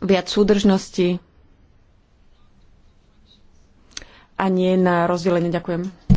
viac súdržnosti a nie na rozdelenie. Ďakujem.